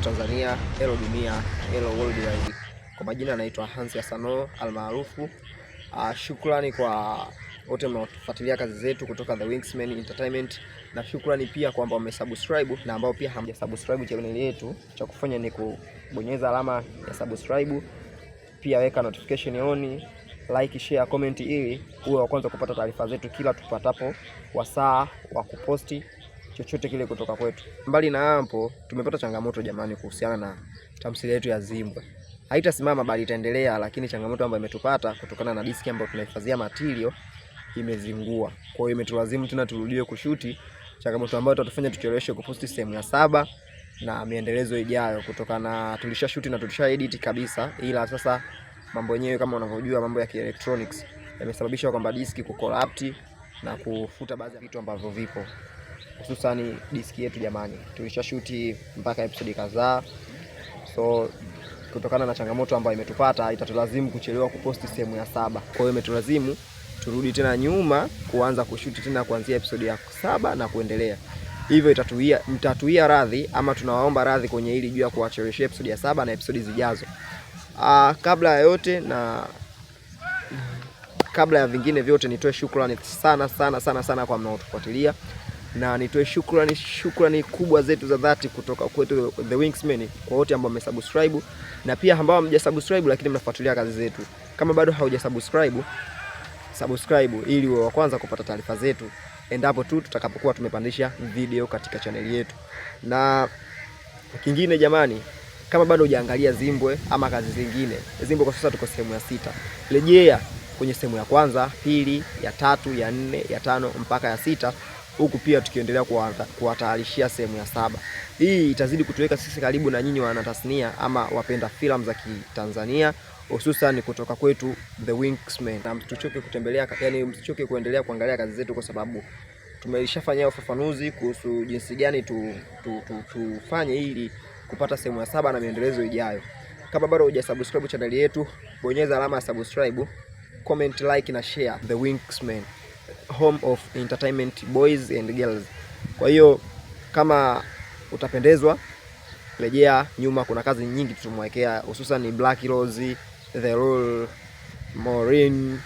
Hello Tanzania, hello dunia, hello worldwide. Kwa majina anaitwa Hansi Asano almaarufu. Uh, shukrani kwa wote mnaofuatilia kazi zetu kutoka The Wingsman Entertainment, na shukrani pia kwa ambao wamesubscribe na ambao pia hamjasubscribe channel yetu, cha kufanya ni kubonyeza alama ya subscribe, pia weka notification on, like, share, comment ili uwe wa kwanza kupata taarifa zetu kila tupatapo wasaa wa kuposti chochote kile kutoka kwetu. Mbali na hapo, tumepata changamoto jamani, kuhusiana na tamthilia yetu ya Zimbwe. Haitasimama bali itaendelea, lakini changamoto ambayo imetupata kutokana na diski ambayo tunahifadhia matilio imezingua. Kwa hiyo imetulazimu tena turudie kushuti, changamoto ambayo itatufanya tucheleweshe kuposti sehemu ya saba na miendelezo ijayo, kutokana na tulisha shuti na tulisha edit kabisa, ila sasa mambo yenyewe kama unavyojua mambo ya electronics yamesababisha kwamba diski kukorapti na kufuta baadhi ya vitu ambavyo vipo hususani diski yetu jamani, tulishashuti mpaka episodi kadhaa, so kutokana na changamoto ambayo imetupata itatulazimu kuchelewa kuposti sehemu ya saba. Kwa hiyo imetulazimu turudi tena nyuma kuanza kushuti tena kuanzia episodi ya saba na kuendelea. Hivyo itatuia mtatuia radhi ama tunawaomba radhi kwenye hili juu ya kuwacheleweshia episodi ya saba na episodi zijazo. Aa, ah, kabla ya yote na kabla ya vingine vyote nitoe shukrani sana sana sana sana kwa mnaotufuatilia na nitoe shukrani shukrani kubwa zetu za dhati kutoka kwetu The Wingsmen kwa wote ambao wamesubscribe na pia ambao hamjasubscribe lakini mnafuatilia kazi zetu. Kama bado haujasubscribe, subscribe ili uwe wa kwanza kupata taarifa zetu endapo tu tutakapokuwa tumepandisha video katika chaneli yetu. Na kingine jamani, kama bado hujaangalia Zimbwe ama kazi zingine, Zimbwe kwa sasa tuko sehemu ya sita, rejea kwenye sehemu ya kwanza, pili, ya tatu, ya nne, ya tano mpaka ya sita huku pia tukiendelea kuwatayarishia sehemu ya saba. Hii itazidi kutuweka sisi karibu na nyinyi wanatasnia ama wapenda filamu za Kitanzania hususan kutoka kwetu The Winksman, na msichoke kutembelea, yani msichoke kuendelea kuangalia kazi zetu kwa sababu tumeshafanyia ufafanuzi kuhusu jinsi gani tu, tu, tu, tu, tufanye ili kupata sehemu ya saba na maendelezo ijayo. Kama bado hujasubscribe channel yetu, bonyeza alama ya subscribe, comment, like na share The Winksman home of entertainment boys and girls. Kwa hiyo kama utapendezwa, rejea nyuma, kuna kazi nyingi tutumwekea, hususan ni Black Rose, The Rule, Maureen,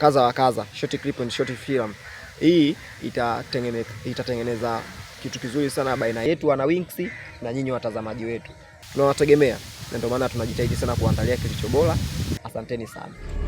kaza wa kaza, short clip and short film. Hii itatengeneza itatengeneza kitu kizuri sana baina yetu wana Winks na nyinyi watazamaji wetu, tunawategemea na ndio maana tunajitahidi sana kuandalia kilicho bora. Asanteni sana.